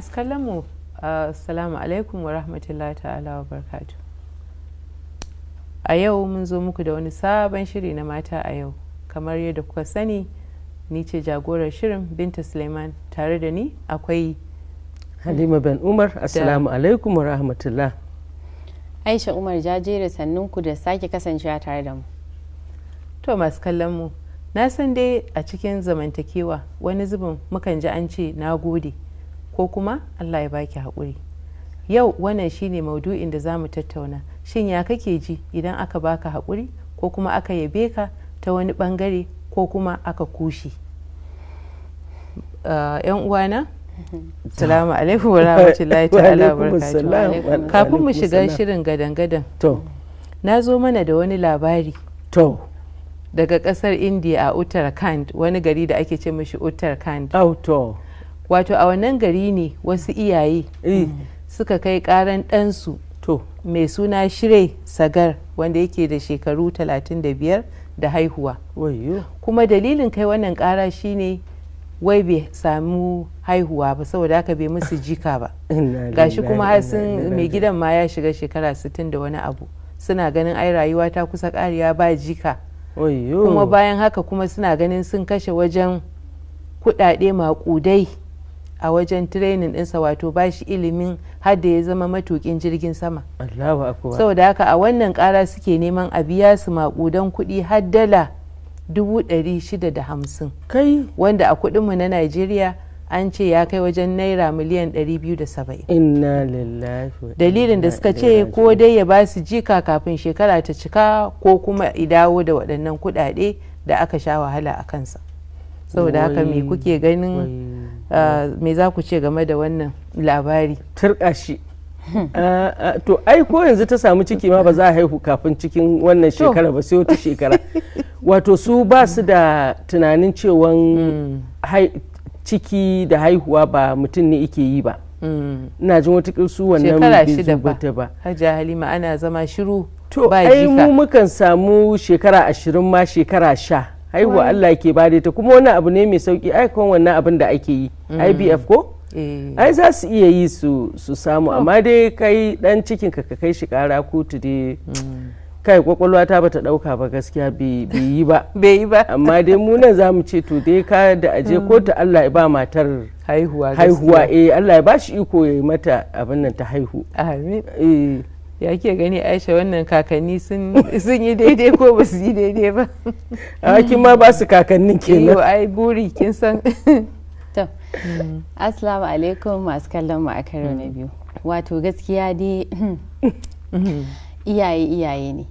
masu uh, assalamu alaikum wa rahmatullahi ta'ala wa barkatu a yau mun zo muku da wani sabon shiri na mata a yau kamar yadda kuka sani ni ce jagorar shirin binta suleiman tare da ni akwai halima ben umar assalamu alaikum wa rahmatullah aisha umar jajere sannunku da sake kasancewa tare da mu to masu kallon mu na san dai a cikin zamantakewa wani zubin mukan ji an ce na gode ko kuma allah ya baki haƙuri yau wannan shine maudu'in da za mu tattauna shin ya kake ji idan aka baka haƙuri ko kuma aka yabe ka ta wani bangare ko kuma aka kushi. yan ah, uwana salamu alaikum wa rahmatullahi ta'ala kafin mu shiga shirin gadan-gadan na zo mana da wani labari daga kasar india a uttarakhand wani gari da ake ce mashi uttarakhand wato a wannan gari ne wasu iyaye eh. suka kai karan ɗansu mai suna shirai sagar wanda yake da shekaru 35 da haihuwa kuma dalilin kai wannan kara shine wai bai samu haihuwa ba saboda haka bai musu jika ba gashi kuma har sun mai gidan ma ya shiga shekara 60 da wani abu suna ganin ai rayuwa ta kusa kariya ba jika kuma bayan haka kuma suna ganin sun kashe wajen kudade maƙudai a wajen training ɗinsa wato ba shi ilimin har ya zama matukin jirgin sama saboda haka a wannan ƙara suke neman a biya su maƙudan kuɗi har dala dubu 650 kai wanda a kuɗinmu na najeriya an ce ya kai wajen naira miliyan ɗari 270 inna lillahi dalilin da suka ce ko dai ya ba su jika kafin shekara ta cika ko kuma dawo da waɗannan kuɗaɗe da aka sha wahala a kansa saboda haka me kuke ganin ah, me za ku ce game da wannan labari turkashi hmm. ah, ah, to ai ko yanzu ta samu ciki ma ba za a haihu kafin cikin wannan shekara ba sai wata shekara wato su ba su da tunanin cewan hmm. ciki da haihuwa ba mutum ne ike yi ba hmm. ina jin wata su wannan shekara ba hajja halima ana zama shiru to ai mu mukan samu shekara ashirin ma shekara sha haihuwa Allah ke bada ta kuma wani abu ne mai sauki ai kan wannan abin da ake yi mm. IBF ko eh. ai za su iya yi su samu amma dai kai dan cikin ka kai shi kara kotu dai mm. kai kwakwalwa ta bata dauka ba gaskiya bai yi ba bai yi ba amma dai mu nan zamu ce to dai ka da aje mm. kotu Allah ya ba matar haihuwa haihuwa eh Allah ya ba shi iko ya yi mata abin nan ta haihu amin eh ya ke gani aisha wannan kakanni sun yi daidai ko ba su yi daidai ba a kin ma ba su kakannin kenan yau ai buri kin san to assalamu alaikum masu kallon mu a karo na biyu wato gaskiya dai iyaye iyaye ne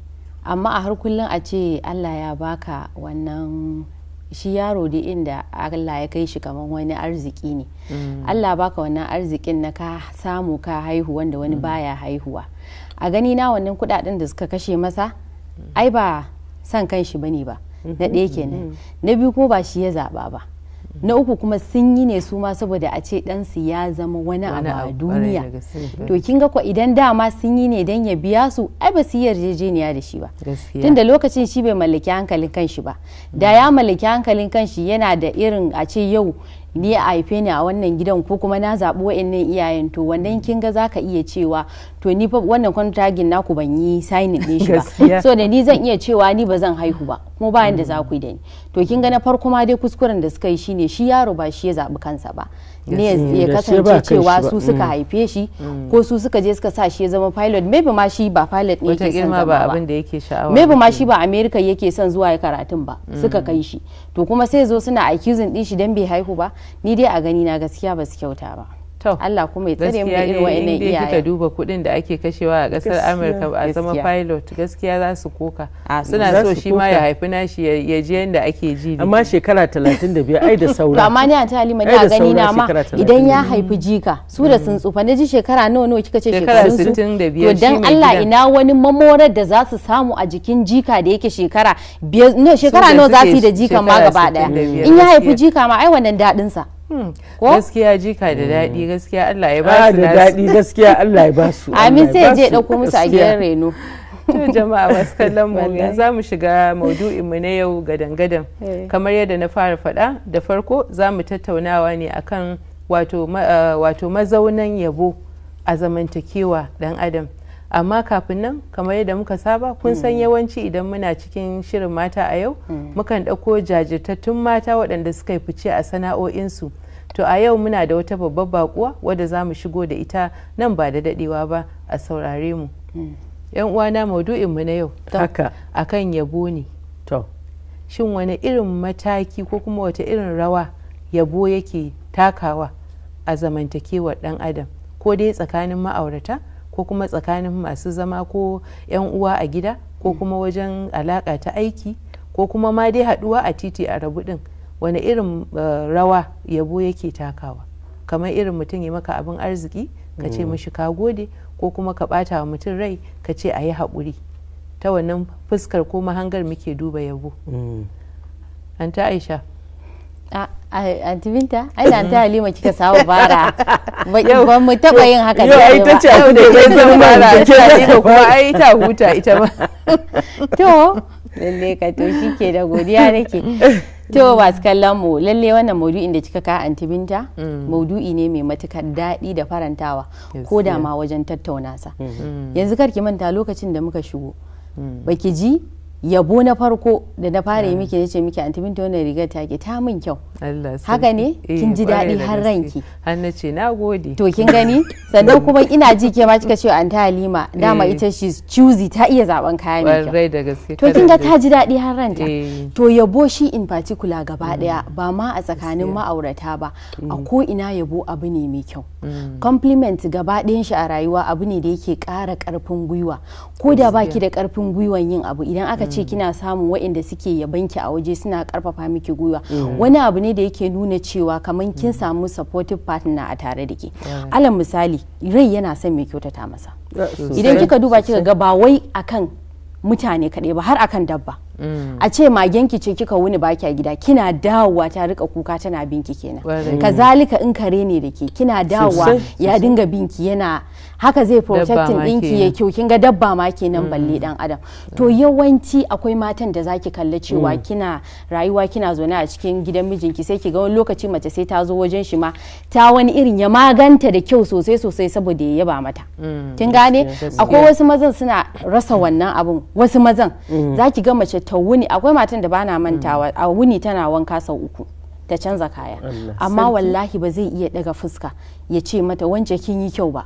amma a har kullum a ce allah ya baka wannan shi yaro da inda Allah ya kai shi kamar wani arziki ne mm. Allah baka wannan arzikin na ka samu ka haihu wanda wani mm. baya haihuwa a gani na wannan kudaden da suka kashe masa ai ba san kan shi bane ba mhm. na ɗaya kenan mhm. na biyu kuma ba shi ya zaba ba na uku kuma sun yi ne su ma saboda a ce ɗansu ya zama wani abu a duniya to kin ga ko idan dama sun yi ne dan ya biya su ai ba su yi yarjejeniya da shi ba tunda lokacin shi bai mallaki hankalin kanshi ba da ya mallaki hankalin kanshi yana da irin a ce yau ni a haife ni a wannan gidan ko kuma na zaɓi wa'annan iyayen to wannan kin ga ka iya cewa to ni wannan kwantagin naku ban yi signing ne shi ba so da ni zan iya cewa ni ba zan haihu ba kuma ba da za ku yi da ni to kin ga na farko ma dai kuskuren da suka yi shine shi yaro ba shi ya zaɓi kansa ba ne mm, ya kasance cewa su suka mm. haife shi mm. ko su suka je suka sa shi ya zama pilot maybe ma shi ba pilot ne yake son zama ba maybe ma shi ba america yake son zuwa ya karatun ba suka kai shi to kuma sai zo suna accusing din shi dan bai haihu ba ni dai a gani na gaskiya ba su kyauta ba Allah kuma ya tsare mu irin wa'annan iyaye kika duba kuɗin da ake kashewa a ƙasar Amurka a zama pilot gaskiya za su koka suna so shi ma ya haifi nashi ya je yadda ake ji amma shekara talatin da biyar ai da saura amma ni a talima da gani na ma idan ya haifi jika su da sun mm. tsufa na ji shekara nawa nawa kika ce shekarun su to dan Allah ina wani mamorar da za su samu a jikin jika da yake shekara biyar shekara nawa za su yi da jika ma gaba ɗaya in ya haifi jika ma ai wannan daɗinsa. sa Hmm. gaskiya jika da hmm. ah, daɗi gaskiya Allah ya ba su da daɗi gaskiya Allah ya ba su amin sai je ɗauko musu a gidan reno to jama'a masu kallon mu yanzu za mu shiga maudu'in mu na yau gadan-gadan eh. kamar yadda na fara faɗa da farko za mu tattaunawa ne akan wato eh, mazaunan yabo a zamantakewa ɗan adam amma kafin nan kamar yadda muka saba kun san mm. yawanci idan muna cikin shirin mata a yau mm. mukan ɗauko jajirtattun mata waɗanda suka yi fice a sana'o'insu to a yau muna da wata babbar baƙuwa wadda za mu shigo da ita nan ba da daɗewa ba a saurare mu mm. yan uwana maudu'in mu na yau kan yabo ne shin wani irin mataki ko kuma wata irin rawa yabo yake takawa a zamantakewar ɗan adam ko dai tsakanin ma'aurata ko kuma tsakanin masu zama ko 'yan uwa a gida ko mm. kuma wajen alaƙa ta aiki ko kuma ma dai haɗuwa a titi a rabu wani irin eh, rawa yabo yake takawa kamar irin mutum ya maka abin arziki ka ce mm. mishi ka gode ko kuma ka ɓata wa mutum rai ka ce a yi haƙuri ta wannan fuskar ko mahangar muke duba yabo mm. an ta aisha anti binta ai da ta halima kika sawa bara ba mu taba yin haka da yau ita ce da ke san bara ta halima kuma ai ta huta ita ba to lalle ka to shike da godiya nake to masu kallon mu lalle wannan maudu'i da kika ka anti binta mm. maudu'i ne mai matukar daɗi da farantawa ko da ma wajen tattauna sa mm-hmm. yanzu kar ki manta lokacin da muka shigo mm. baki ji yabo na farko da na fara yi miki na ce miki anti da wannan rigar ta ke ta min kyau haka ne eh, kin ji daɗi har ranki har ce na gode to kin gani sannan kuma ina ji ke ma kika ce anti halima dama eh. ita shi chuzi ta iya zaben kaya mai kyau to kin ga ta ji daɗi har ranta eh. to yabo shi in particular gaba daya mm. ba ma a tsakanin ma'aurata ba a mm. ko ina yabo abu ne mai kyau mm. compliment gaba ɗayan shi a rayuwa abu ne da yake ƙara ƙarfin gwiwa ko da baki da ƙarfin gwiwan yin abu idan aka ce kina samun waɗanda suke ki a waje suna karfafa miki gwiwa mm. wani abu ne da yake nuna cewa kamar kin mm. samu supportive partner a tare da ke alal misali rai yana son mai kyautata masa idan kika duba kika ga ba wai akan mutane kaɗai ba har akan dabba mm. a ce magenki ce kika wuni baki a gida kina dawowa ta rika kuka tana binki kenan kazalika in kare ne da ke kina dawowa ya dinga binki yana haka zai protectin dinki ya kyau kin ga dabba ma kenan balle dan adam mm. to yawanci akwai matan da zaki kalla cewa mm. kina rayuwa kina zaune a cikin gidan mijinki sai ki ga wani lokaci mace sai ta zo wajen shi ma ta wani irin ya maganta da kyau sosai sosai saboda ya yaba mata mm, kin gane akwai wasu mazan suna rasa wannan abun wasu mazan zaki ga mace ta wuni akwai matan da bana mantawa a wuni tana wanka sau uku ta canza kaya amma wallahi ba zai iya daga fuska ya ce mata wance kin yi kyau ba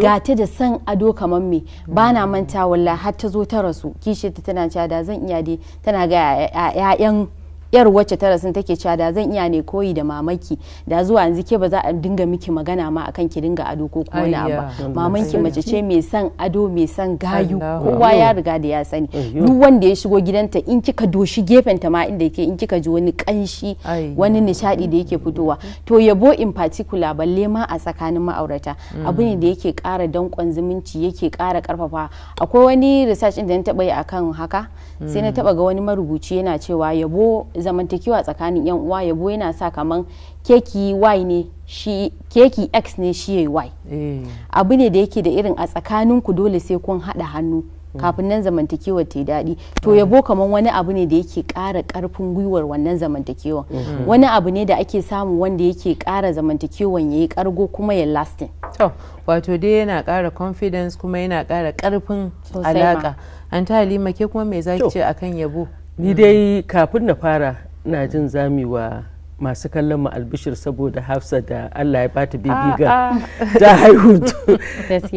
ga ta da san ado kamar me ba na manta walla har ta zo ta rasu kishi ta tana cewa da zan iya dai tana ga 'ya'yan yar wacce ta rasin take cewa da zan iya ne koyi da mamaki da zuwa yanzu ke ba za a dinga miki magana ma akan ki dinga ado ko kuma na ba mamanki mace ce mai san ado mai san gayu kowa ya riga da ya sani duk wanda ya shigo gidanta in kika doshi gefen ta ma inda yake in kika ji wani kanshi wani nishadi da yake fitowa to yabo in particular balle ma a tsakanin ma'aurata mm. abu ne da yake kara dankon zumunci yake kara karfafa akwai wani research din da na taba yi akan haka sai na mm. taba ga wani marubuci yana cewa yabo zamantakewa tsakanin yan uwa yabo yana sa kaman keki y ne shi keki x ne shi yayi y eh. abu ne da yake da irin a tsakanin ku dole sai kun hada hannu kafin nan zamantakewa ta daɗi to mm. yabo kaman wani abu ne da yake ƙara ƙarfin gwiwar wannan zamantakewa mm. wani abu ne da ake samu wanda yake ƙara zamantakewan ya yi ƙargo kuma ya lasting to wato dai yana ƙara confidence kuma yana ƙara ƙarfin alaƙa an ta halima ke kuma me zaki ce akan yabo ni dai kafin na fara na jin wa masu kallon mu albishir saboda hafsa da allah ya bata bibiga ta haihu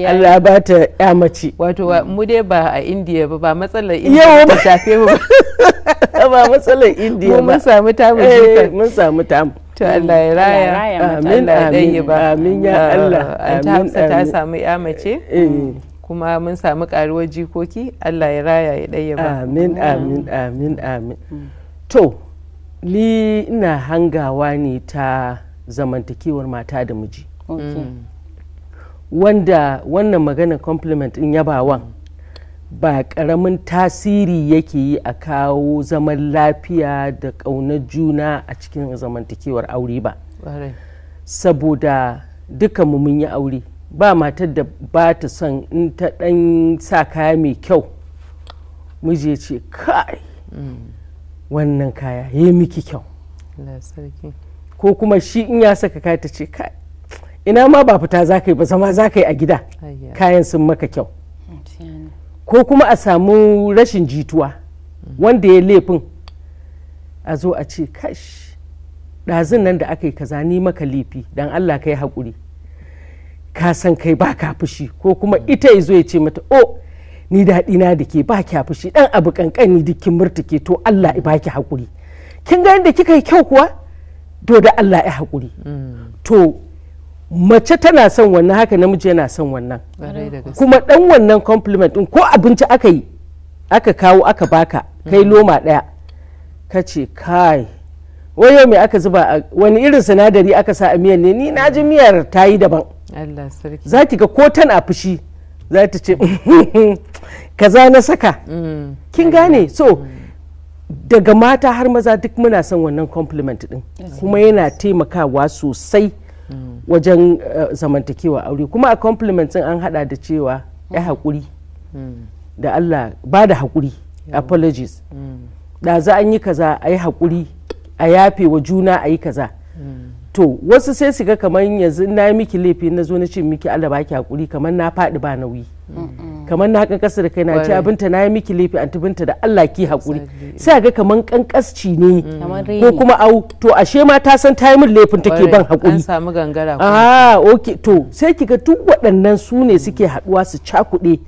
allah ya bata ya mace wato mu dai ba a indiya ba ba matsalar indiya ba shafe mu ba matsalar indiya ba mun samu tamu eh, mun samu tamu to allah ya raya amin amin ya allah an ta hafsa ta samu ya mace eh. kuma mun samu karuwar jikoki Allah ya raya ya ɗaya ba amin mm. amin amin amin to ni ina hangawa ne ta zamantakewar mata da miji mm. wanda wannan magana compliment in yabawan ba ƙaramin tasiri yake yi a kawo zaman lafiya da ƙaunar juna a cikin zamantakewar aure ba saboda duka mu mun yi aure ba matar da ba ta son in ta dan sa kaya mai kyau miji ya ce kai wannan kaya ya miki kyau ko kuma shi in ya saka kaya ta ce kai ina ma ba fita za ka yi ba zama za ka yi a gida kayan sun maka kyau ko kuma a samu rashin jituwa wanda ya laifin a zo a ce kash ɗazun nan da aka yi kaza ni maka laifi don allah ka yi haƙuri ka san kai ba ka fushi ko kuma ita ya zo ya ce mata o oh, ni daɗi na da ke ba kya fushi ɗan abu kankani dukkin murtuke to Allah ya baki hakuri kin ga yadda kika yi kyau kuwa to da Allah ya hakuri to mace tana son wannan haka namiji yana son wannan kuma ɗan wannan compliment ko abinci aka yi aka kawo aka baka kai mm. loma ɗaya ka ce kai wai yau me aka zuba wani irin sinadari aka sa a miyan ne ni na ji miyar ta yi daban za ki ga ko tana fushi za ta ce hmm, kaza na saka hmm, kin gane so hmm. daga mata har maza duk muna son wannan compliment din kuma yana taimakawa sosai wajen eh, zamantakewa aure kuma a compliment an hada da cewa ya haƙuri da Allah ba da haƙuri apologies da za an yi kaza a yi haƙuri a yafe wa juna a yi kaza to wasu sai su ga kamar yanzu na yi miki laifi na zo na ce miki Allah ba ki hakuri kamar na faɗi ba nauyi kamar na kankasa da kai na ce abinta na yi miki laifi anti binta da Allah ki hakuri sai ga kamar kankasci ne mm. ko kuma au to ashe ma ta san ta yi min laifin take ban hakuri an samu gangara ah okay to sai ki ga duk waɗannan su ne suke haɗuwa su cakuɗe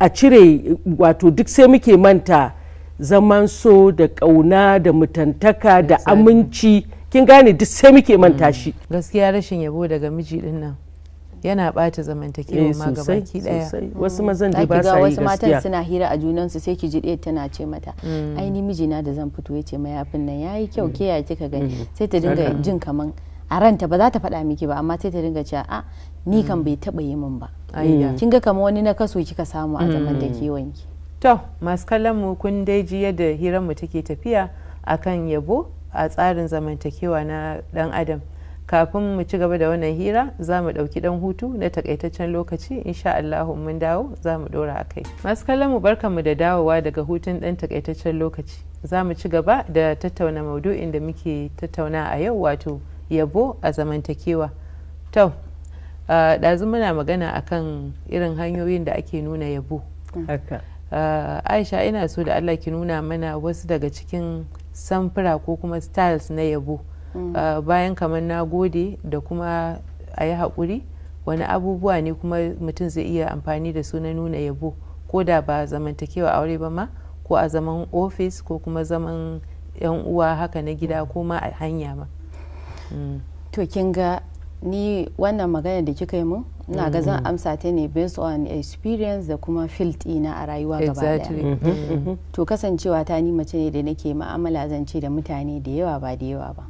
a cire wato duk sai muke manta zaman so da ƙauna da mutantaka da aminci kin gane duk sai muke mm. manta shi gaskiya rashin yabo daga miji din nan yana bata zamantakewa eh, ma ga baki daya wasu mazan da ba sa wasu matan suna hira a junan su sai ki ji ɗaya tana ce mata mm. ai ni miji na da zan fito yace yafin nan yayi kyau mm. ke ya kika gani sai ta dinga jin kaman a ranta ba za ta faɗa miki ba amma sai ta dinga cewa a ah, ni kan bai taɓa yi min ba kin ga kamar wani na kaso kika samu a zamantakewan ki to masu kallon mu kun dai ji yadda hirar mu take tafiya akan yabo a tsarin zamantakewa na dan adam kafin mu ci gaba da wannan hira za mu ɗauki ɗan hutu na takaitaccen lokaci insha Allahu mun dawo za mu ɗora a kai masu kallon mu barka mu da dawowa daga hutun ɗan takaitaccen lokaci za mu ci gaba da tattauna maudu'in da muke tattauna a yau wato yabo a zamantakewa to ɗazu muna magana akan irin hanyoyin da ake nuna yabo aisha ina so da allah ki nuna mana wasu daga cikin samfura ko kuma styles na yabo mm. ah, bayan kamar na gode da kuma a yi haƙuri wani abubuwa ne kuma mutum zai iya amfani da su na nuna yabo ko da ba zamantakewa aure ba ma ko a zaman ofis ko kuma zaman yan uwa haka na gida ko ma a hanya ma. Mm. to ga ni wannan magana da kika yi mun ina ga zan mm. amsa ta ne based on experience da kuma field ina a rayuwa gaba daya mm-hmm. mm-hmm. mm-hmm. to kasancewa ta ni mace ne da nake ma'amala ce da mutane da yawa ba da yawa ba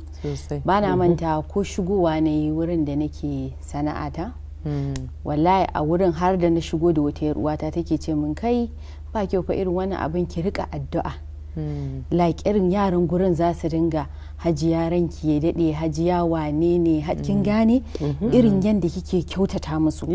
ba na manta ko shigowa na wurin da nake sana'ata mm. wallahi a wurin har da na shigo da wata uwata take ce mun kai ba kyau fa irin wannan abin ki rika addu'a like irin yaran gurin za su dinga hajiya ranki ya daɗe hajiya wane ne kin mm-hmm. gane mm-hmm. irin yadda kike kyautata musu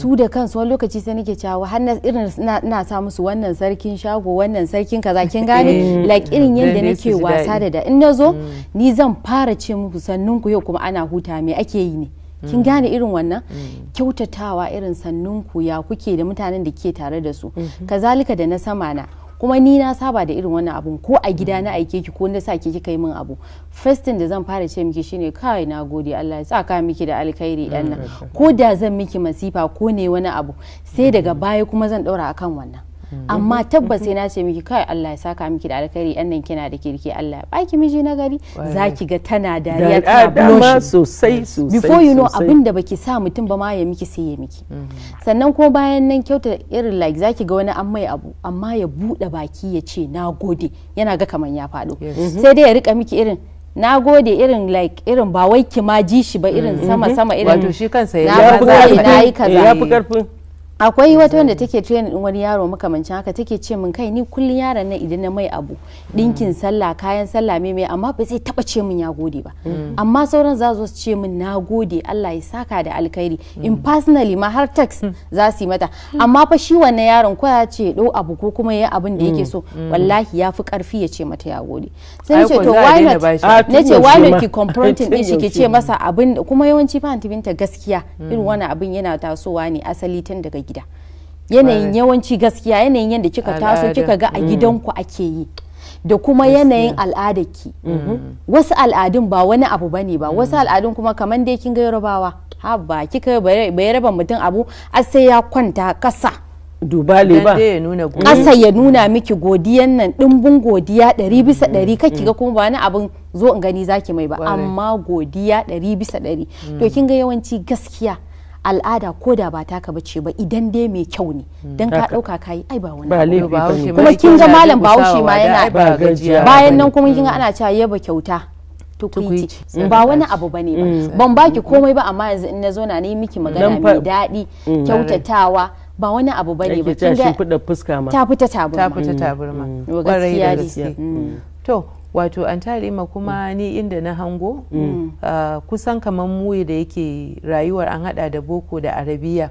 su da kansu wani lokaci sai nake cewa har na irin na sa musu wannan sarkin shago wannan sarkin kaza kin gane mm. like irin yadda nake wasa da da in na zo mm. ni zan fara ce muku sannun ku yau kuma ana huta me ake yi ne kin mm. gane irin wannan kyautatawa irin sannun ya kuke da mutanen da ke tare da su mm-hmm. kazalika da na sama na kuma ni na saba da irin wannan abun ko a gida na aike ki ko na sa ki kai min abu first thing da zan fara ce miki shine kai na gode Allah ya saka miki da alkhairi dan nan mm, ko da zan miki masifa ko ne wani abu sai daga baya kuma zan daura akan wannan Mm. amma tabbas sai na ce miki kai Allah ya saka miki da alkhairi yan nan kina da kirki Allah ya baki miji na gari zaki ga tana dariya tana blush sosai sosai before you know abin da baki sa mutum ba ma ya miki sai ya miki mm-hmm. sannan kuma bayan nan kyauta irin like zaki ga wani an mai abu amma ya bude baki ya ce na gode yana ga kaman ya faɗo sai mm-hmm. dai ya rika miki irin na gode irin like irin ba wai ki ma ji shi ba irin mm-hmm. sama sama irin wato shi kansa ya yi ya fi karfin akwai wata wanda take training din wani yaro makamancin haka take ce min kai ni kullum yaron na idan na mai abu dinkin sallah kayan sallah me mai amma ba zai taba ce min ya gode ba mm. amma sauran za su ce min na gode Allah ya saka da alkhairi in mm. personally ma har text mm. za su yi mata amma fa shi wannan yaron ko ya ce do abu ko kuma yayi abin da yake so wallahi ya fi karfi ya ce mata ya gode sai ce to why not ah, ce why not ki confronting din shi ki ce masa abin kuma yawanci fa antibinta gaskiya irin wani abin yana tasowa ne asali tun daga gida yanayin yawanci gaskiya yanayin yadda kika taso kika ga a mm. gidanku ake yi da kuma yanayin al'adarki mm-hmm. wasu al'adun ba wani abu bane ba wasu mm. al'adun kuma kamar dai kin ga yorubawa ha kika bai raba mutum abu a sai ya kwanta kasa dubale ba kasa ya nuna miki godiyan nan dimbin godiya ɗari bisa mm-hmm. ɗari kaki ga mm-hmm. kuma ba wani abin zo in gani zaki mai ba amma godiya ɗari bisa ɗari to mm. kin ga yawanci gaskiya al'ada ko da ba taka ce ba idan dai mai kyau ne hmm. dan ka dauka kai ai ba wani kuma kin ga malam bahaushe ma yana bayan nan kuma kin ga hmm. ana cewa yaba kyauta tukuici ba wani abu ba hmm. ne ba ban baki komai ba amma yanzu in na zo na ne miki magana mai daɗi kyautatawa ba wani abu ba ne ba kin ga ta fita taburma ta fita taburma gaskiya to wato antalima kuma mm. ni inda na hango mm. uh, kusan kamar muyi da yake rayuwar an hada da boko da arabiya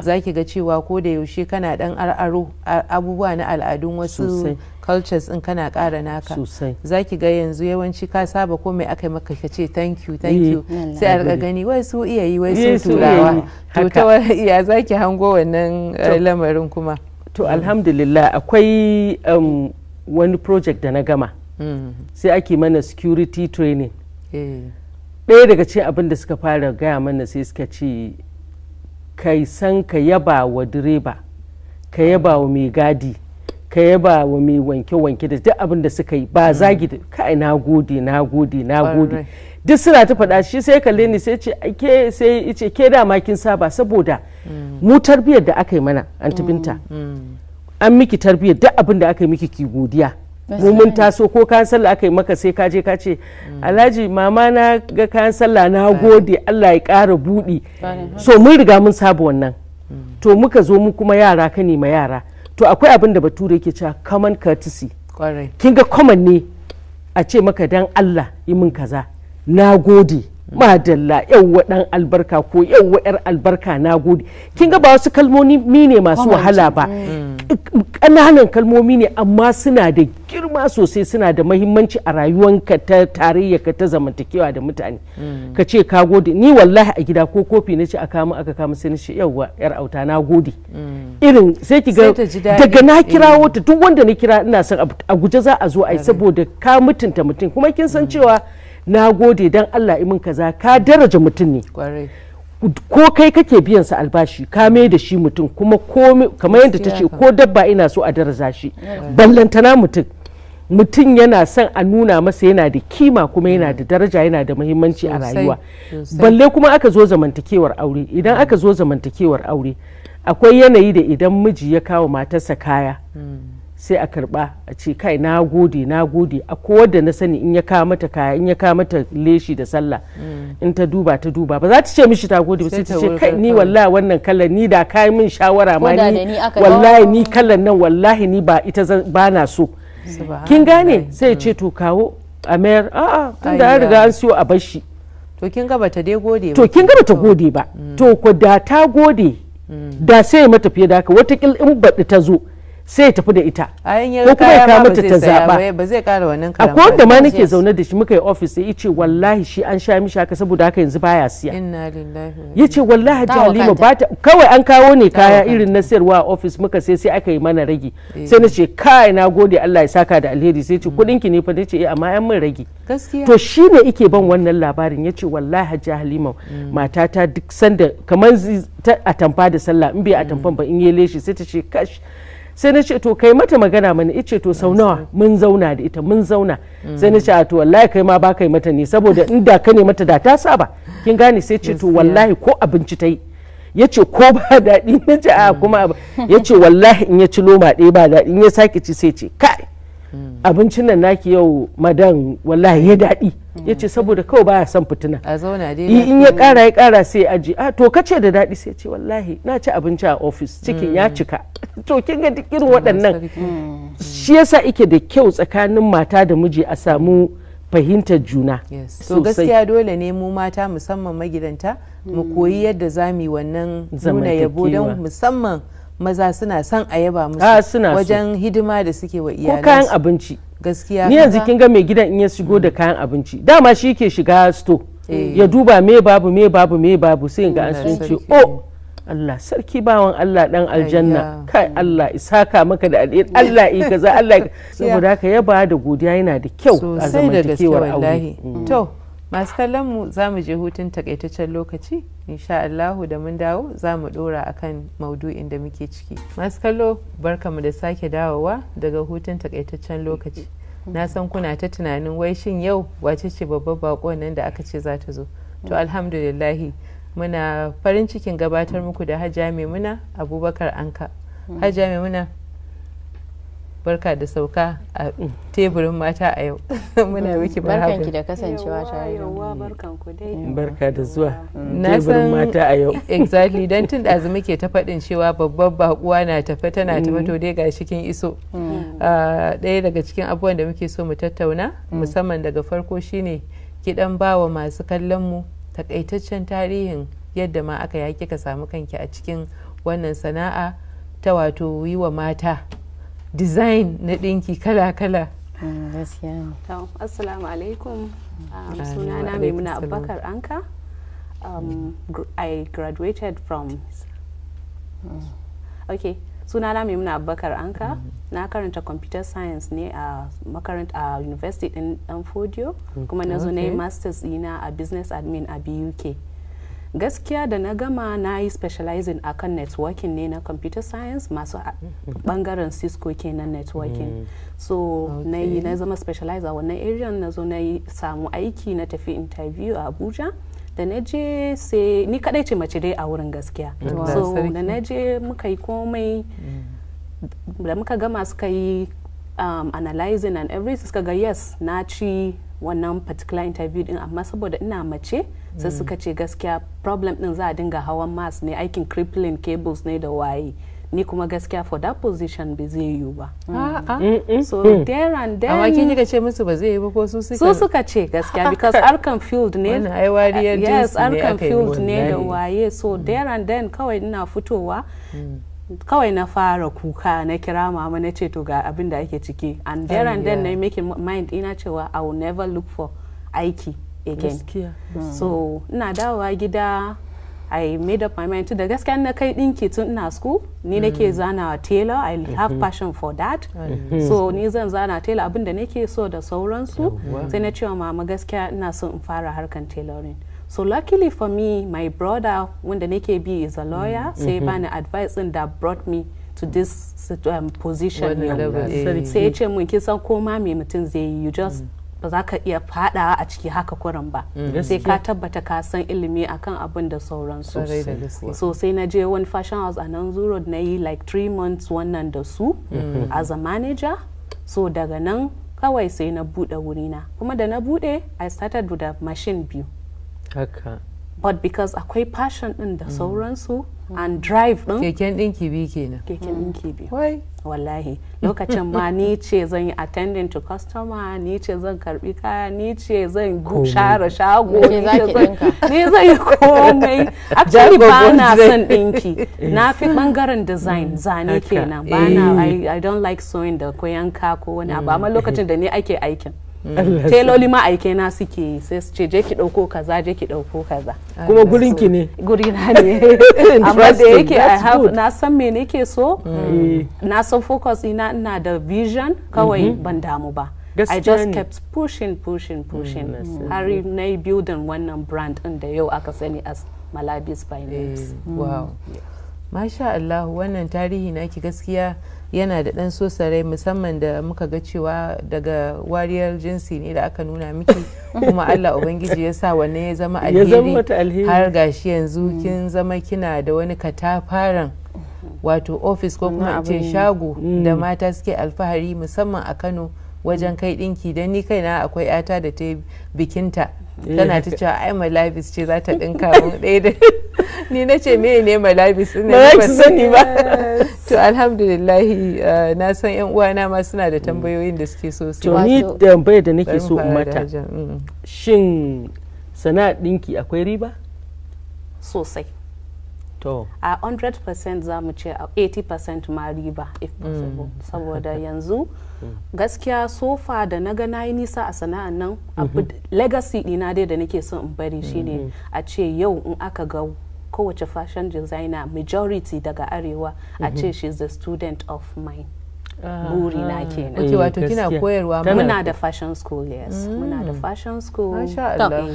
zaki ga cewa ko da yaushe kana dan ar'aro abubuwa na al'adun wasu cultures in kana kara naka za ki ga yanzu yawanci ka saba ko mai aka maka ka ce thank you thank eh. you sai a gani wai su iya yi wai su eh, turawa to ta ya za ki hango wannan uh, lamarin kuma to alhamdulillah akwai um, wani project da na gama sai ake mana security training eh. ɗaya daga cikin abin da suka fara gaya mana sai suka ce kai san ka yaba wa direba ka yaba wa mai gadi ka yaba wa mai wanke-wanke da duk abin da suka yi ba hmm. zagi da kai na gode na gode na gode duk suna ta faɗa shi sai kalle ni sai ce ke sai ce ke da makin saba saboda hmm. mu tarbiyyar da aka yi mana an tabinta hmm. an miki tarbiyyar duk abin da aka yi miki ki godiya mu mun taso ko kayan sallah aka yi maka sai ka je ka ce mm. alhaji mama na ga kayan sallah na gode Allah ya kara buɗi so mun riga mun saba wannan mm. to muka zo mu kuma yara ka nema yara to akwai abin da bature yake cewa common courtesy kin ga common ne a ce maka dan Allah yi mun kaza na gode mm. madalla yawwa dan albarka ko yawwa yar albarka na gode kin ga ba wasu kalmomi ne masu wahala ba ƙananan kalmomi ne amma suna da girma sosai suna da mahimmanci a rayuwanka ta tarayya ka ta zamantakewa da mutane mm. ka ce ka gode ni wallahi a gida ko kofi na ce a kama aka kama sai na ce yawwa yar auta na gode mm. irin sai ki ga daga na kira wata mm. duk wanda na kira ina son a guje za a zo a saboda ka mutunta mutum kuma kin san cewa na gode dan Allah imin kaza ka daraja mutum ne ko kai kake biyan sa albashi ka mai da shi mutum kuma kamar yadda ta ce ko dabba ina so a daraza shi ballantana mutum mutum yana son a nuna masa yana da kima kuma yana da daraja yana da muhimmanci a rayuwa balle kuma aka zo zamantakewar aure idan aka zo zamantakewar aure akwai yanayi da idan miji ya kawo matarsa kaya hmm. sai a karba a ce kai na gode na gode a da na sani in ya ka mata kaya in ya ka mata leshi da sallah mm. in ta duba ta duba ba za ta ce mishi ta gode ba sai ta ce kai ni wallahi wannan kallon ni da kai min shawara ma ni wallahi ni kallon nan wallahi ni ba ita ba na so kin gane sai ce mm. to kawo a mayar a'a tun da an riga an siyo a bashi to kin ga bata dai gode ba to kin ga bata gode ba mm. to ko da ta gode da sai mata fiye da haka watakil in baɗi ta zo sai ya tafi da ita ko kuma ya kama ta ta zaba a ma nake zaune da shi muka yi ofis sai ce wallahi shi an sha mishi haka saboda haka yanzu baya siya ya ce wallahi jalima ba ta kawai an kawo ne kaya irin na sayarwa a ofis muka sai sai aka yi mana rage eh. sai na ce kai na gode Allah ya saka da alheri sai ce mm. kudin ki ne fa nace eh amma an min rage to shi ne ike ban wannan labarin ya ce wallahi hajji halima mm. matata duk sanda kamar a tamfa da sallah in bai mm. a tamfan ba in yi leshi sai ta ce kash sai na ce to kai mata magana mana ice to sau nawa mun zauna da ita mun zauna sai na ce a to wallahi kai ma ba kai mata ne saboda inda ka ne mata da ta saba kin gane sai ce to wallahi ko abinci ta yi ya ce ko ba daɗi na ce a kuma ya ce wallahi in ya ci loma ɗaya ba daɗi in ya sake ci sai ce kai Mm. abincin nan naki yau madan wallahi ya daɗi ya saboda kawai baya son fitina in ya kara ya kara sai ya aji a ah, to kace da daɗi sai ce wallahi na ci abinci a ofis cikin ya mm. cika to kin ga duk irin waɗannan mm. shi yasa ike da kyau tsakanin mata da miji a samu fahimtar juna so gaskiya dole ne mu mata musamman magidanta mu koyi yadda zamu yi wannan nuna yabo don musamman maza suna son a yaba musu ah, wajen hidima da suke wa iyalansu ko kayan abinci gaskiya ni yanzu kin ga mai gidan in ya shigo da mm. kayan abinci dama shi ke shiga sto eh. ya duba me babu me babu me babu sai ga an sun ce oh Allah sarki bawan Allah dan aljanna kai mm. Allah isaka maka da alheri Allah yi kaza Allah saboda haka yaba da godiya yana da kyau a zamantakewar aure mm. to masu kallon mu za mu je hutun takaitaccen lokaci insha Allahu da mun dawo za mu dora kan maudu'in da muke ciki masu kallo mu da sake dawowa daga hutun takaitaccen lokaci na san kuna ta tunanin wai shin yau wace ce babban bako nan da aka ce za ta zo to alhamdulillahi muna farin cikin gabatar muku da hajja maimuna abubakar anka hajja maimuna barka da sauka a mm, teburin mata a yau muna miki barhaba barkan da kasancewa tare da mu barka da zuwa mm, teburin mata a yau exactly don tun da muke ta faɗin cewa babbar bakuwa na tafe tana tafe mm. to dai ga cikin iso ah, ɗaya daga cikin abubuwan da muke so mu tattauna musamman daga farko shine ki bawa masu kallon mu takaitaccen tarihin yadda ma aka yaki ka samu kanki a cikin wannan sana'a ta wato yi wa mata design na ɗinki kala-kala mm, gaskiya assalamu alaikum mm. um, sunana maimuna abubakar anka um, i graduated from mm. okay sunana maimuna abubakar anka na karanta computer science ne a makarant a university din fodio kuma na zo na yi masters dina a business admin a buk gaskiya da na gama na yi specializing kan networking ne na computer science masu bangaren cisco kenan networking mm. so na yi na zama specializer wannan area na zo na yi samu aiki na tafi interview a abuja da na je sai ni kadai ce mace dai a wurin gaskiya mm. so da na je muka yi komai da muka gama suka yi um, analyzing and everything suka ga yes na ci wannan particular interview din amma saboda ina mace sai mm. suka ce gaskiya problem din za a dinga hawan mass ne aikin crippling cables ne da waye ni kuma gaskiya for that position ba zai yiwu ba. Mm. So mm. there and then. Amma kin kika ce musu ba zai yi ba ko su suka. Su suka ce gaskiya because Arkham Field ne. Yes Arkham Field ne da waye so there and then kawai ina fitowa. kawai na fara kuka na kira mama na ce to ga abin da ake ciki and there and then na making mind ina cewa I will never look for aiki. again so ina dawowa gida I made up my mind to da gaskiya na kai dinki tun ina school ni nake mm. zana tailor I mhm. have passion for that mhm. so ni zan zana tailor abin da nake so da sauransu sai na cewa mama gaskiya ina so in fara harkan tailoring so luckily for me my brother wanda nake bi is a lawyer mm. sai mhm. bani advice din that brought me to this um, position yau eh. sai ya ce mun kisan koma mai mutum zai yi you just mm. ba za ka iya fadawa a ciki haka kurin ba mm. sai ka tabbata ka san ilimi akan abin da sauransu so sai na je wani fashion house a nan zuro na yi like three months wannan da su mm. as a manager so daga nan kawai sai na buɗe wurina kuma da na buɗe i started with a machine biyu but because akwai passion din da mm. sauransu mm. and drive din keken dinki bi kenan keken dinki mm. wai wallahi lokacin ma ni ce zan yi attending to customer ni ce zan karbi kaya ni ce zan share shago ni zan yi komai actually ba na son dinki na fi bangaren design zane kenan ba na eh. i don't like sewing da koyanka ko wani abu amma lokacin da ni ake aikin teloli ma'aikai na suke sai su ce je ki ɗauko kaza je ki ɗauko kaza kuma gurin ki ne guri na ne amma da yake i have na san me nake so mm. Mm. na san focus ina ina da vision kawai mm-hmm. ban damu ba I just kept pushing pushing pushing mm, har na yi building wannan brand ɗin da yau aka sani as Malabis by Names. Eh, wow. Masha Allah wannan tarihi naki gaskiya yana da ɗan sosarai musamman da muka ga cewa daga wariyar jinsi ne da aka nuna miki kuma Allah Ubangiji ya sa wanne ya zama alheri har gashi yanzu mm. kin zama kina da wani katafaren wato ofis ko kuma ce shago da mm. mata suke alfahari musamman a Kano. wajen kai dinki don ni kaina akwai 'yata da ta bikinta eh. tana ta cewa ai malabis ce za ta dinka mun ɗaya da ni na ce me ne malabis ina ba sani ba to alhamdulillah uh, na san yan uwana ma suna da tambayoyin da suke so su to ni tambayar da nake so in mata mm. shin sana'a dinki akwai riba sosai to a 100% za mu ce 80% ma riba if possible mm. saboda yanzu gaskiya sofa da na ga na yi nisa a sana'an nan mhm. legacy ɗina dai da nake son in bari shine mhm. a ce yau in aka ga kowace fashion designer majority daga arewa a ce mhm. she's the student of mine buri na ah. kenan okay, wato eh, kina koyarwa muna da fashion school yes mm. muna da fashion school masha Allah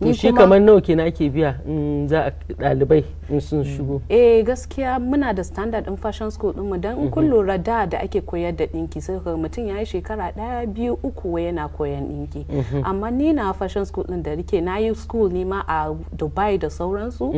mm. shi kamar nawa kenan ake biya in za a dalibai in sun mm. shigo eh gaskiya muna da standard in fashion school din mu dan in kun mm-hmm. lura da da ake koyar da dinki sai ka mutum yayi shekara 1 biyu uku wai yana koyan dinki mm-hmm. amma ni na fashion school din da rike na yi school ni ma a Dubai da sauransu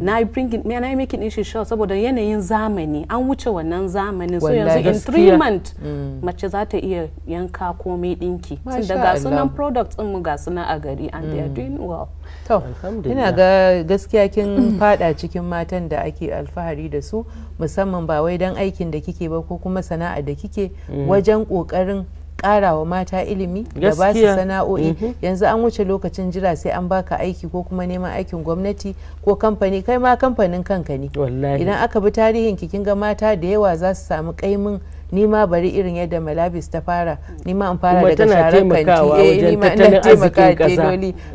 na bringing me na making issue saboda yanayin zamani an wuce wannan zamanin so yanzu in 3 payment mm. mace za ta iya yanka komai dinki tunda ga sunan product din mu ga suna a gari and they are mm. doing well to ina ga gaskiya kin fada cikin matan da ake alfahari da su musamman ba wai dan aikin da kike ba ko kuma sana'a da kike mm. wajen kokarin wa mata ilimi da ba su sana'o'i mm-hmm. yanzu an wuce lokacin jira sai an baka aiki ko kuma neman aikin gwamnati ko kamfani kai ma kamfanin kanka ne idan aka bi tarihin kikin ga mata da yawa za su samu kaimin ni ma bari irin yadda malabis ta fara ni ma an fara daga sharar kanti eh ni ma ina taimaka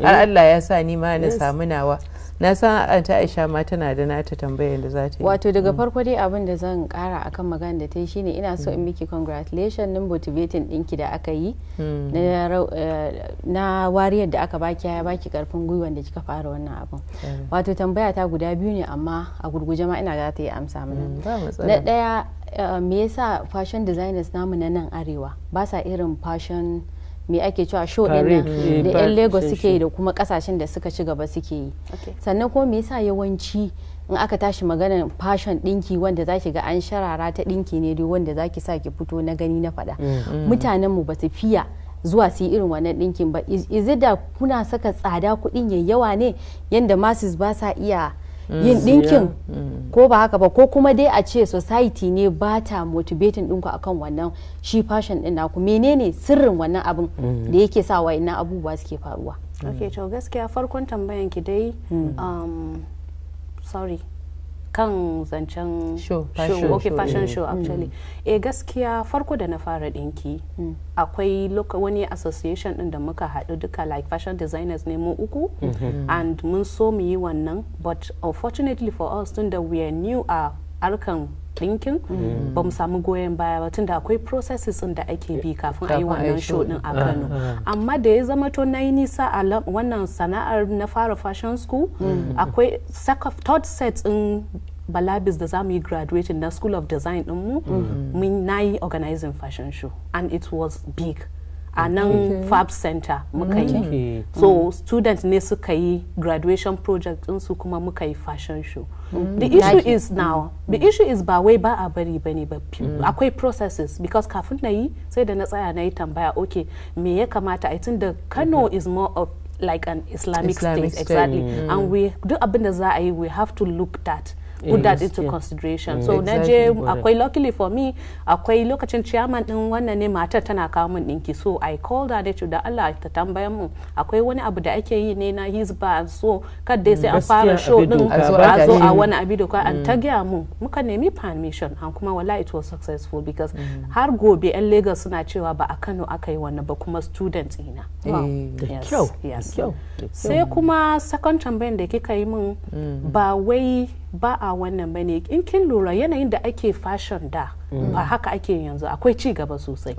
har Allah ya sa ni ma na samu nawa na san ta aisha ma tana da nata tambayar da za ta yi wato daga mm. farko dai abin da zan kara akan magana da ta yi shine ina so in mm. miki congratulation din motivating dinki da aka yi mm. eh, na wariyar da aka baki ya baki karfin gwiwa da kika fara wannan abun wato tambaya ta guda biyu ne amma a gurguje ma ina za ta yi amsa mana na daya eh, me yasa fashion designers namu na nan arewa ba sa irin fashion me ake cewa show din nan eh, da yan lagos suke yi da kuma kasashen da suka ci gaba suke yi sannan kuma me yasa yawanci in aka tashi maganar fashion dinki wanda zaki ga an sharara ta dinki ne dai wanda zaki sa ki fito na gani na fada mm, mm. mutanen mu ba su fiya zuwa su yi irin wannan dinkin ba izida kuna saka tsada kuɗin yayyawa ne yanda masu ba sa iya Mm. yin dinkin mm. ko ba haka ba ko kuma dai a ce society ne ba ta motivating ɗinku akan wannan shi fashion ɗin naku menene sirrin wannan abin mm. da yake sa wa ina abubuwa suke faruwa ok to gaskiya farkon tambayanki ki dai um, sorry kan zancen show ok fashion eh. show actually mm. eh gaskiya farko da na fara dinki mm. akwai wani association din da muka haɗu duka like fashion designers ne mu uku mm-hmm. and mun so mu yi wannan but unfortunately for us tunda we are new a harkan ɗinkin mm. ba mu samu goyon baya ba tunda akwai processes ɗin da ake bi kafin a yi wannan show ɗin a Kano ah, ah. amma da ya zama to na nisa a wannan sana'ar na fara fashion school mm. akwai third set ɗin balabis da zamu mu yi graduating na school of design mu mm. mun na yi organizing fashion show and it was big a nan fab center muka yi so student ne suka yi graduation project su kuma muka yi fashion show mm. the issue is now the mm. issue is ba wai ba a bari ba ne ba mm. akwai processes because kafin na yi sai da na tsaya na yi tambaya okay me ya kamata i think the kano is more of like an islamic, state, state exactly and we do abin da za a yi we have to look that put eh, that into consideration eh, so na je akwai luckily for me akwai lokacin chairman din wannan ne matar tana kawo min dinki so i called her to da Allah ta tambaya mu akwai wani abu da ake yi ne na his bar so kad dai sai an fara show din a a wani abi da kai an mm. ta gaya mu muka nemi permission an kuma wala it was successful because mm. har gobe yan Lagos suna cewa ba a Kano aka yi wannan ba kuma student ina eh, kyau sai kuma second tambayan da kika yi min mm. ba wai ba a wannan ba ne in kin lura yanayin da ake fashion da mm. ba haka ake yanzu akwai ci gaba sosai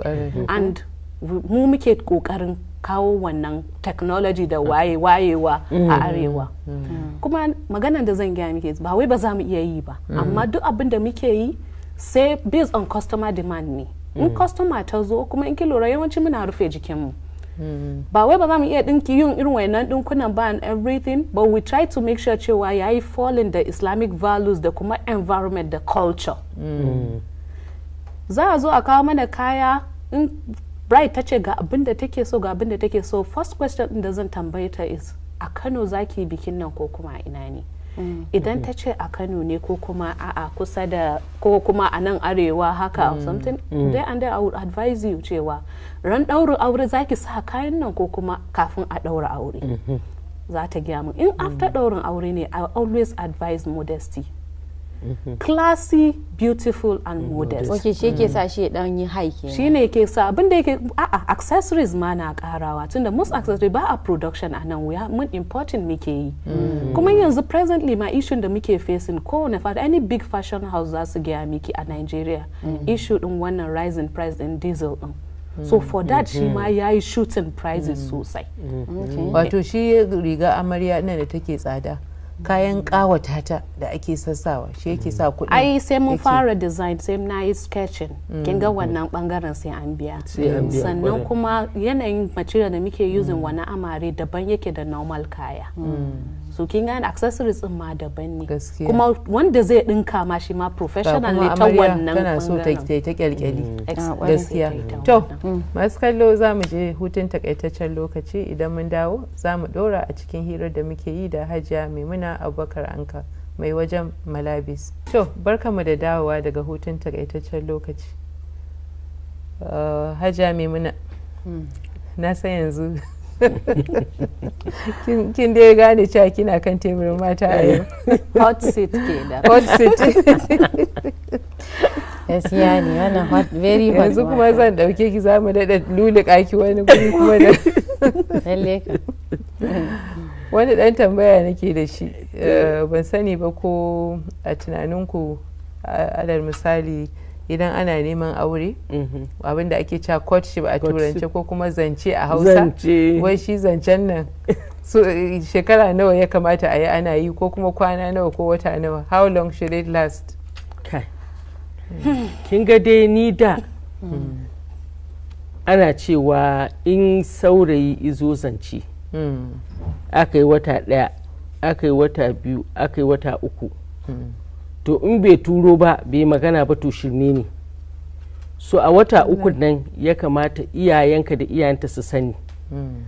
and mu muke kokarin kawo wannan technology da waye wayewa a mm. arewa mm. kuma maganan da zan gaya muke ba wai ba za mu iya yi ba amma duk abin da muke yi sai based on customer demand ne in customer ta zo kuma in kin lura yawanci muna rufe jikinmu ba wai ba za mu iya dinki yin irin wayannan dinkunan ba and everything but we try to make sure cewa yayi falling da islamic values da kuma environment da culture za a zo a kawo mana kaya in bride ta ce ga abin da take so ga abin da take so first question da zan tambaye ta is a kano zaki bikin nan ko kuma a ina ne idan ta ce a kano ne ko kuma a kusa da ko kuma a nan arewa haka mm. something dai mm. and i would advise you cewa ran daurin aure zaki sa kayan nan ko kuma kafin a daura aure mm-hmm. za ta gaya min in after daurin mm. aure ne i always advise modesty classy beautiful and mm, modest ok shi ke mm. sa shi dan yi haike shi ne ke sa abin da yake a'a accessories ma na karawa tunda most mm. Accessories ba a production a nan wuya mun important muke yi kuma yanzu presently ma issue da muke facing kowane fada any big fashion house za su gaya miki a Nigeria issue din wannan rising price in diesel din so for that shi mm-hmm. ma ya yi shooting prices sosai mm-hmm. wato shi riga amarya nan da take tsada kayan kawata ta da ake sassawa shi yake sa kuɗi ai sai mun fara design sai na yi sketching mm. kin ga wannan bangaren sai an biya sannan kuma yanayin material da muke using wani amare daban yake da normal kaya mm. so kin ga accessories din ma daban ne kuma wanda zai dinka ma shi ma professional ne ta wannan kana so ta ta kyalkyali mm. mm. ah, gaskiya to mm. masu kallo za mu je hutun takaitaccen lokaci idan mun dawo za mu dora a cikin hirar da muke yi da hajiya maimuna abubakar anka mai wajen malabis to barkamu da dawowa daga hutun takaitaccen lokaci uh, hajiya maimuna na san yanzu kin dai gane cewa kina kan teburin mata a yau hot seat ke da hot seat siya ne wannan hot very hot yanzu kuma zan dauke ki za mu daɗa luluka ki wani guri kuma da lalle ka wani ɗan tambaya nake da shi eh, ban sani ba ko a tunaninku alal misali idan ana neman aure mhm. abinda ake cewa courtship a turance ko kuma zance a hausa wai shi zancen nan eh, shekara nawa ya kamata a yi ana yi ko kuma kwana nawa ko wata nawa how long should it last kin ga dai ni da hmm. ana cewa in saurayi izo zance hmm. aka yi wata daya aka yi wata biyu aka yi wata uku hmm. to in bai turo ba bai magana ba to shirme ne so a wata uku nan ya kamata iyayenka da iyayenta su sani hmm.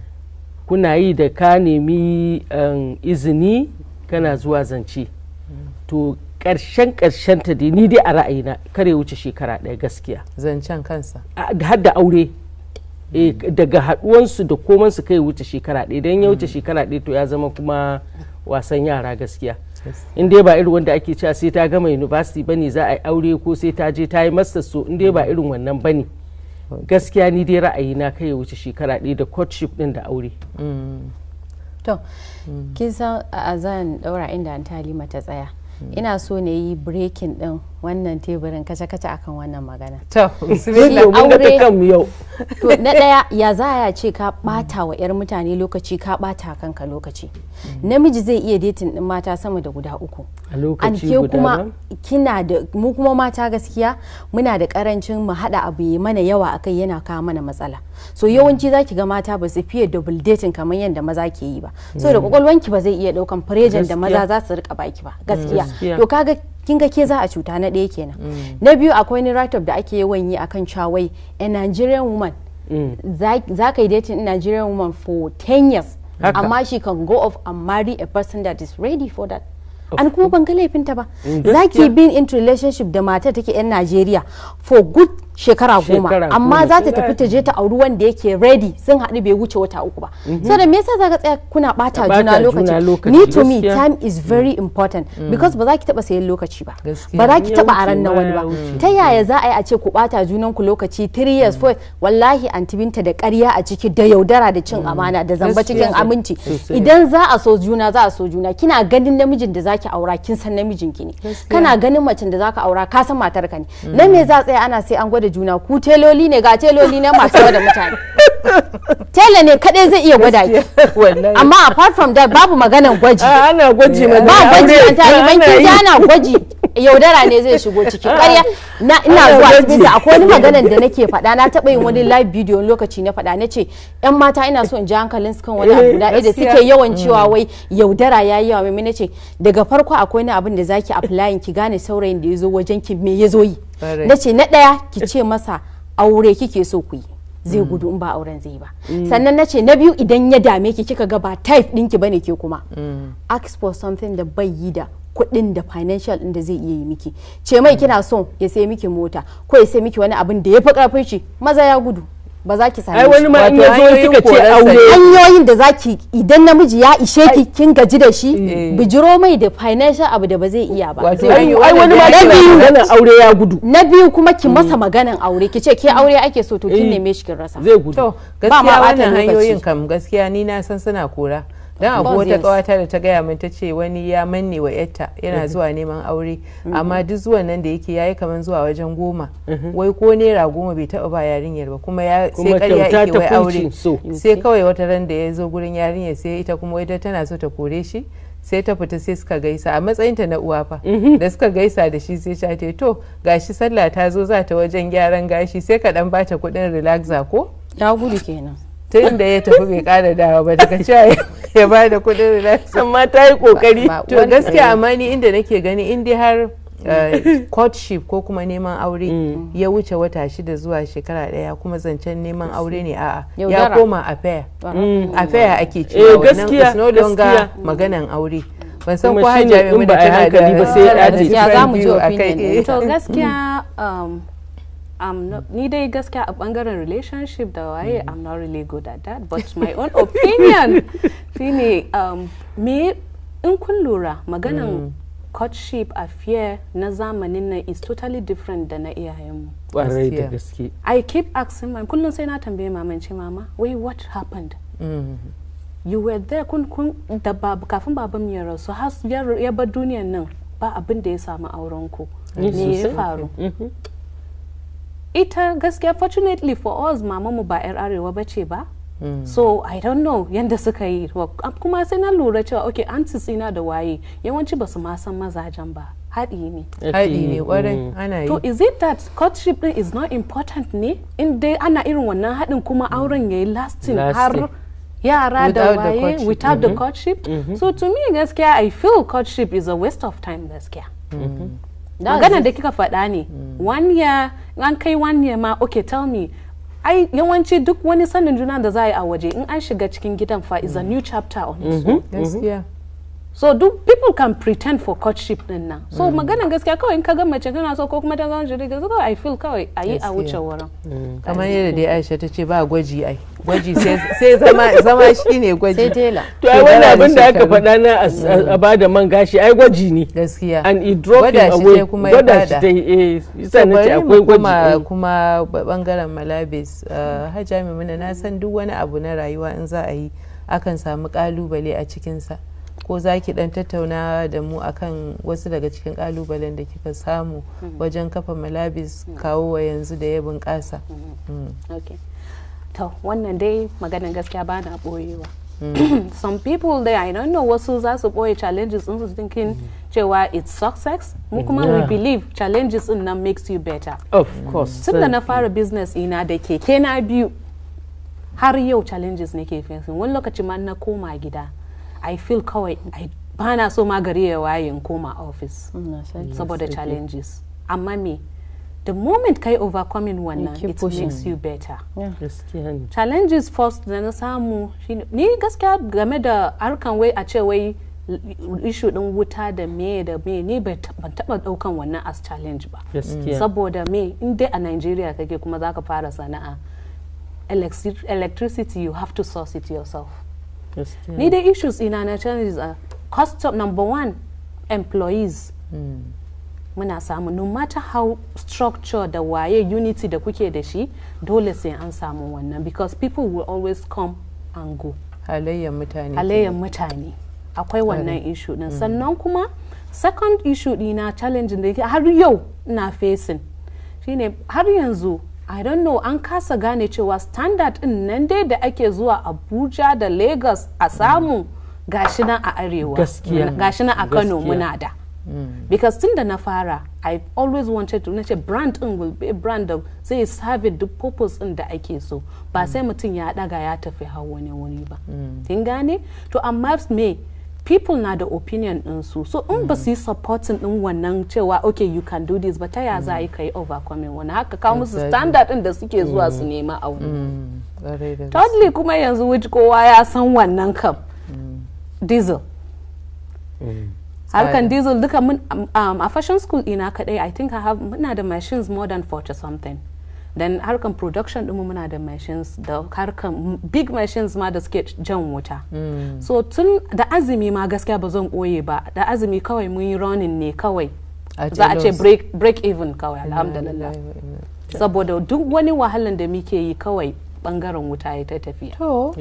kuna yi da ka nemi um, izini kana zuwa zance hmm. to karshen karshen ta dai ni dai a ra'ayina kare wuce shekara ɗaya gaskiya zancen kansa har da aure eh, hmm. daga haɗuwansu da komansu kai wuce shekara ɗaya don ya wuce shekara ɗaya to ya zama kuma wasan yara gaskiya in dai ba irin wanda ake cewa sai ta gama university bane za a yi aure ko sai ta je ta yi masters so in dai ba irin wannan bane gaskiya ni dai ra'ayi na kai ya wuce shekara ɗaya da courtship din da aure to kin san a zan daura inda an talima ta tsaya mm. ina so ne yi breaking din wannan teburin kace-kace akan wannan magana. To, To, na ɗaya ya za ya ce ka bata wa 'yar mutane lokaci ka bata kanka lokaci. Mm. Namiji zai iya datin ɗin mata sama da guda uku. A lokaci guda kuma kina da mu kuma mata gaskiya muna da karancin mu haɗa abu yi mana yawa akai yana kawo mana matsala. So yawanci zaki ga mata ba su fiye double dating kamar yadda maza ke yi ba. So da kwakwalwanki mm. ba zai iya ɗaukan firejan da maza za su rika baki ba. Gaskiya. To kaga kin ga ke za a cuta na ɗaya kenan mm. na biyu akwai ni write up da ake yawan yi akan chawai a Nigerian woman mm. za ka yi dating Nigerian woman for 10 years amma she can go off and marry a person that is ready for that an kuma ban ga laifinta ba mm, za ki bin into relationship da matar take 'yan nigeria for good shekara goma amma za ta tafi ta je ta auri wanda yake ready sun haɗu bai wuce wata uku ba mhm. so da me yasa za ka tsaya kuna bata juna lokaci ni to me time is mm. very important mm. because ba za ki taba sayan lokaci ba ba za ki taba aran na wani ba ta yaya za a yi a ce ku bata junan ku lokaci 3 years 4 mm. wallahi anti binta da ƙarya a ciki da yaudara da cin amana da zamba cikin aminci idan za a so juna za a so juna kina ganin namijin da zaki aura kin san namijin ki ne kana ganin macen da zaka aura ka san matar ka ne na me za a tsaya ana sai an gwada da juna ku teloli ne ga teloli na masu da mutane tela ne kadai zai iya gwada ki amma apart from that babu maganan gwaji ah, ana gwaji ba gwaji an tari banki ana gwaji yaudara ne zai shigo ciki ah. ƙarya na ina zuwa cikin ta akwai wani maganan da nake faɗa na taɓa yin wani live video lokaci na faɗa na ce yan mata ina so in ji hankalin su kan wani abu eh, da da suke yawan cewa mm. wai yaudara ya yi yawa mai ce daga farko akwai wani abin da zaki applying ki gane saurayin da ya zo wajen ki me ya zo yi na ce na ɗaya ki ce masa aure kike so ku yi zai mm. gudu in ba auren zai ba mm. sannan na ce na biyu idan ya dame ki kika ga ba type ɗinki bane ke kuma mm. ask for something da bai yi da kuɗin da financial ɗin da zai iya yi miki ce mai kina son ya sai miki mota ko ya sai miki wani abin da ya fi ƙarfin shi maza ya gudu ba za ki same shi wani ma in ya zo kika ce aure hanyoyin da zaki idan namiji ya ishe ki kin gaji da shi eh. bijiro mai da financial abu da ba zai iya ba ai wani ma kina maganan aure ya gudu na biyu kuma ki mm. masa maganan aure ki ce ke mm. aure ake so to kin eh. neme shi kin rasa zai gudu to gaskiya wannan hanyoyin kam gaskiya ni na san suna kora dan akwai wata kawata da ta gaya min ta ce wani ya manne wa yatta yana mm-hmm. zuwa neman aure mm-hmm. amma duk zuwan nan da yake yayi kaman zuwa wajen goma mm-hmm. wai ko naira goma bai taba ba yarinyar ba kuma ya sai ƙarya yake wai aure sai kawai wata ran da ya zo gurin yarinyar sai ita kuma ita tana so ta kore shi sai ta fita sai suka gaisa a matsayin ta na uwa fa da suka gaisa da shi sai ta ce to gashi sallah ta zo za ta wajen gyaran gashi sai ka dan bata kudin relaxer ko ya gudu kenan tun da ya tafi bai kara dawa ba daga cewa ya ba da kudin relax amma ta yi kokari to gaskiya amma ni inda nake gani inda har mm. eh, courtship ko kuma neman aure mm. ya wuce wata shida zuwa shekara daya kuma zancen neman aure ne a'a ya koma a a faya ake eh, cewa wannan no longer maganan aure ban san ko hajjami mu da tana da ba sai ji opinion to gaskiya um, ni dai gaskiya a bangaren relationship da waye mm. i'm not really good at that but my own opinion shine um, me in kun lura maganan mm. courtship a na zamanin nan is totally different da na iyayenmu. mu I keep asking my kullum sai na tambaye maman ce mama, wai what happened? Mm. You were there kun kun da babu kafin babam ya rasu har ya bar duniyan nan ba abin da ya samu auren ku. ne ya faru? Mm-hmm. ita gaskiya fortunately for us mu ba 'yar arewa ba ce ba so i don't know yadda suka yi kuma sai na lura cewa ok aunties sina da waye yawanci basu ma san mazajen ba haɗi ne haɗi ne mm. ƙwarai ana yi to is it that courtship is not important ne in dai ana irin wannan haɗin kuma auren yayi lasting har yara da waye without the courtship mm-hmm. Mm-hmm. so to me gaskiya i feel courtship is a waste of time gaskiya mm-hmm. maganar da kika faɗa ne hmm. one year an kai one year ma okay tell me ai yawanci duk wani sanin juna da za a yi a waje in an shiga cikin gidan fa is a hmm. new chapter on its mm-hmm. own mm-hmm. so duk people can pretend for courtship din nan so mm. maganin gaskiya kawai in ka ga mace kana so ko kuma ta ga jiri ga i feel kawai a yi a wuce wurin mm. kamar yadda dai Aisha ta ce ba gwaji ai gwaji sai zama zama ne gwaji sai tela to ai wannan abin da aka faɗa na a bada man gashi ai gwaji ne gaskiya and it dropped away kuma ya bada shi dai eh yasa nace akwai gwaji eh. kuma kuma bangaren malabis uh, hajjami muna na san duk wani abu na rayuwa in za a yi akan samu kalubale a cikinsa. sa ko za ki dan tattauna da mu akan wasu daga cikin kalubalen da kika samu mm-hmm. wajen kafa malabis mm-hmm. kawo wa yanzu da ya bunƙasa mm-hmm. mm. to wannan dai maganin gaskiya ba na ɓoyewa mm. some people there i don't know wasu za su ɓoye challenges din su thinking mm. cewa it's success mu kuma we believe challenges din nan makes you better of course tun da na fara business ina da keke na biyu har yau challenges ne ke facing wani lokaci ma na koma gida i feel kawai ba na so ma gari ya waye in koma office mm, saboda challenges amma me the moment kai overcoming wannan it makes you better challenges first da na samu ni gaskiya game da harkan wai a ce wai ishu din wuta da me da me ni ban taba daukan wannan as challenge ba saboda me in dai a Nigeria kake kuma zaka fara sana'a electricity you have to source it yourself ni dai issues ina na challenges a of number one employees hmm. muna samu no matter how structure da waye unity da kuke da shi dole sai an samu wannan because people will always come and go halayyar mutane halayyar mutane akwai wannan issue din hmm. sannan kuma second issue dina challenge da yake har yau na facing shine har yanzu I don't know an kasa gane cewa standard din nan dai da ake zuwa Abuja da Lagos a samu gashi nan a Arewa. Gashi nan a Kano muna da. Mm. Because tun da na fara, I always wanted to nace brand din will be brand da zai serve duk purpose din da ake so. Ba mm. sai mutum ya daga ya tafi har wani wuri ba. Mm. Kin gane? To amma me people na da opinion ɗinsu so in ba su yi supporting ɗin wannan cewa okay you can do this ba ta ya za a yi ka yi overcoming wani haka kawo musu standard ɗin da suke zuwa su mm. nema a wuri mm. totally kuma yanzu wuce kowa ya san wannan kam mm. diesel harkan diesel duka mun um, a fashion school ina kadai i think i have muna da machines more than 40 something dan harkan production ɗinmu muna da machines da harkan big machines ma da suke jan wuta hmm. so tun da azumi ma gaskiya ba zan koye ba da azumi kawai mun yi running ne kawai za a ce break, break even kawai alhamdulillah saboda duk wani wahalan da muke yi kawai bangaren wuta ya ta tafiya. To,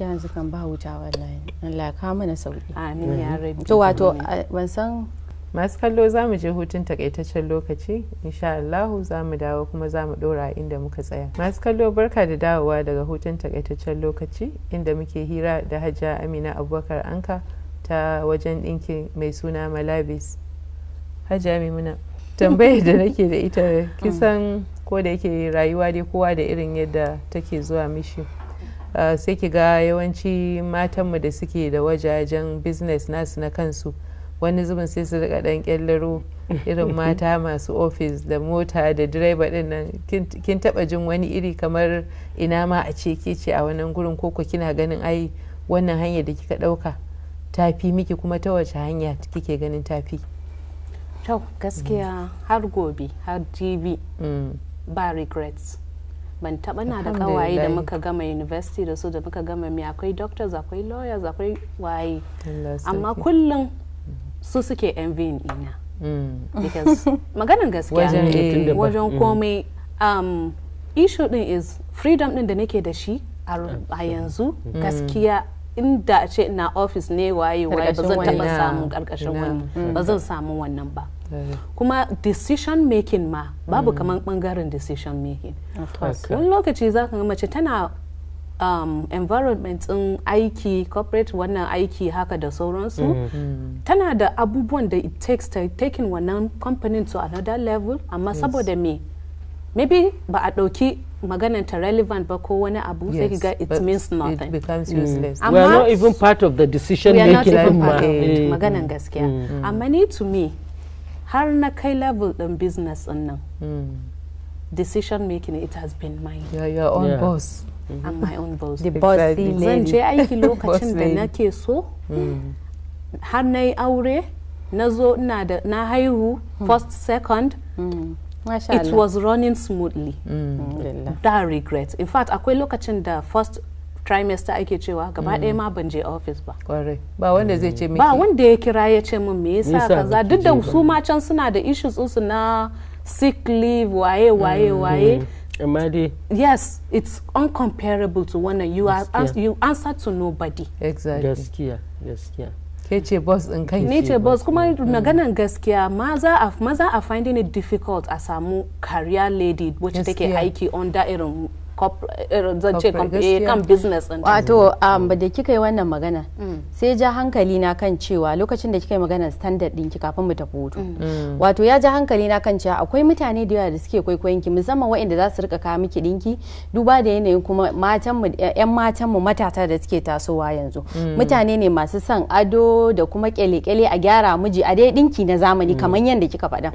yanzu kan ba wuta wallahi. Allah ka mana sauki. Amin ya rabi. To wato ban san masu kallo za mu je hutun takaitaccen lokaci insha Allahu za mu dawo kuma za mu dora inda muka tsaya masu kallo barka da dawowa daga hutun takaitaccen lokaci inda muke hira da hajja amina abubakar anka ta wajen ɗinki mai suna malabis hajja muna tambayar da nake da ita mm. kisan ko da yake rayuwa dai kowa da irin yadda take zuwa mishi ah, sai ki ga yawanci matanmu da suke da wajajen business nasu na kansu wani zubin sai su rika dan kyallaro irin mata masu ofis da mota da direba din nan kin taba jin wani iri kamar ina ma a ce ke ce a wannan gurin koko kina ganin ai wannan hanya da kika dauka tafi miki kuma ta wace hanya kike ganin tafi to gaskiya har gobe har tv mm. ba regrets ban taba na da kawaye da muka gama university da su da muka gama mi akwai doctors akwai lawyers akwai waye amma kullum su suke envying ina hmm. because maganin gaskiya wajen eh, hmm. komai um, issue din is freedom din da nake da shi a yanzu hmm. gaskiya inda a ce ina office ne waye waye ba zan taɓa samun ƙarƙashin wani ba zan samu wannan ba kuma decision making ma babu kamar ɓangaren decision making wani lokaci za ka mace tana um, environment in aiki corporate wannan aiki haka da sauransu mm -hmm. tana da abubuwan da it takes to taking wannan company to another level amma yes. saboda me maybe ba a ɗauki maganan ta relevant ba ko wani abu yes, sai ga it means nothing it becomes useless mm. we are not even part of the decision we making not even part we mm. maganan gaskiya mm. Mm. amma ni to me har na kai level din business din nan mm. decision making it has been mine yeah, yeah, on yeah. boss I'm my own boss the bossy zan je aiki lokacin da nake so mm. har na yi aure na zo na haihu mm. first second mm. it was running smoothly mm. that regret in fact akwai lokacin da first trimester ake cewa gaba ɗaya ma ban je office ba Kware. ba wanda zai ce ba wanda ya kira ya ce min me yasa kaza duk da su ma can suna da issues su na sick leave waye waye waye mm. Shemadi. yes it's uncomparable to wannan you are you answer to nobody exactly gaskiya gaskiya ke ce boss din kai ni ce boss kuma mm-hmm. maganan gaskiya maza a maza a finding it difficult a samu career lady wacce take aiki under irin Er, zance eh, kan business wato um, da kika yi wannan magana mm. sai ja hankali na kan cewa lokacin da kika yi magana standard ɗinki kafin mu tafi hutu mm. Mm. wato ya ja hankali na kan cewa akwai mutane da yawa da suke kwaikwayon ki musamman waɗanda za su rika kawo miki ɗinki duba da yanayin kuma matan mu yan matan mu matata da suke tasowa yanzu mutane ne masu son ado da kuma kyale-kyale a gyara miji a dai ɗinki na zamani kamar yadda kika faɗa